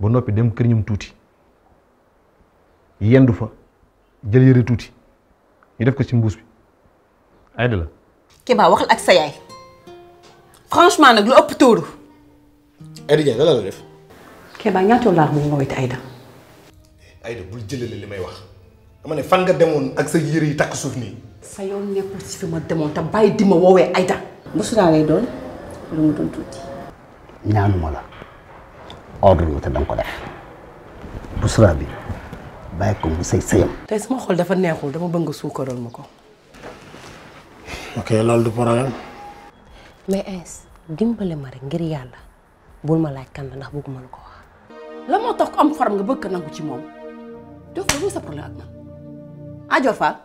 ba noppi dem kër ñum tuuti yendu fa jël yëre tuuti ñu def ko ci mbuus bi ay la Keba waxal ak sa yaay franchement nag lu ëpp tóoru Aïda Diagne la la def Keba ñaatoo laar moom nga wéyte Aïda Aïda bul jëlale may wax dama ne fan nga demoon ak sa yëre yi takk suuf nii sa yoon nekkul si fi ma demoon te bàyyi di ma woowee Aïda mosu laa doon lu mu doon tuuti ñaanuma la ordre nga te danga ko def Bousra bi bàyyi ko mu sëy sëyam. tey sama xol dafa neexul dama bëgg nga suukaral ma ko. loolu du problème. mais Aïs dimbale ma rek ngir yàlla bul ma laaj kan la ndax bëgguma la ko wax. la moo tax am faram nga bëgg ko nangu ci moom jox ko lu sa problème ak man ah Dior Fall.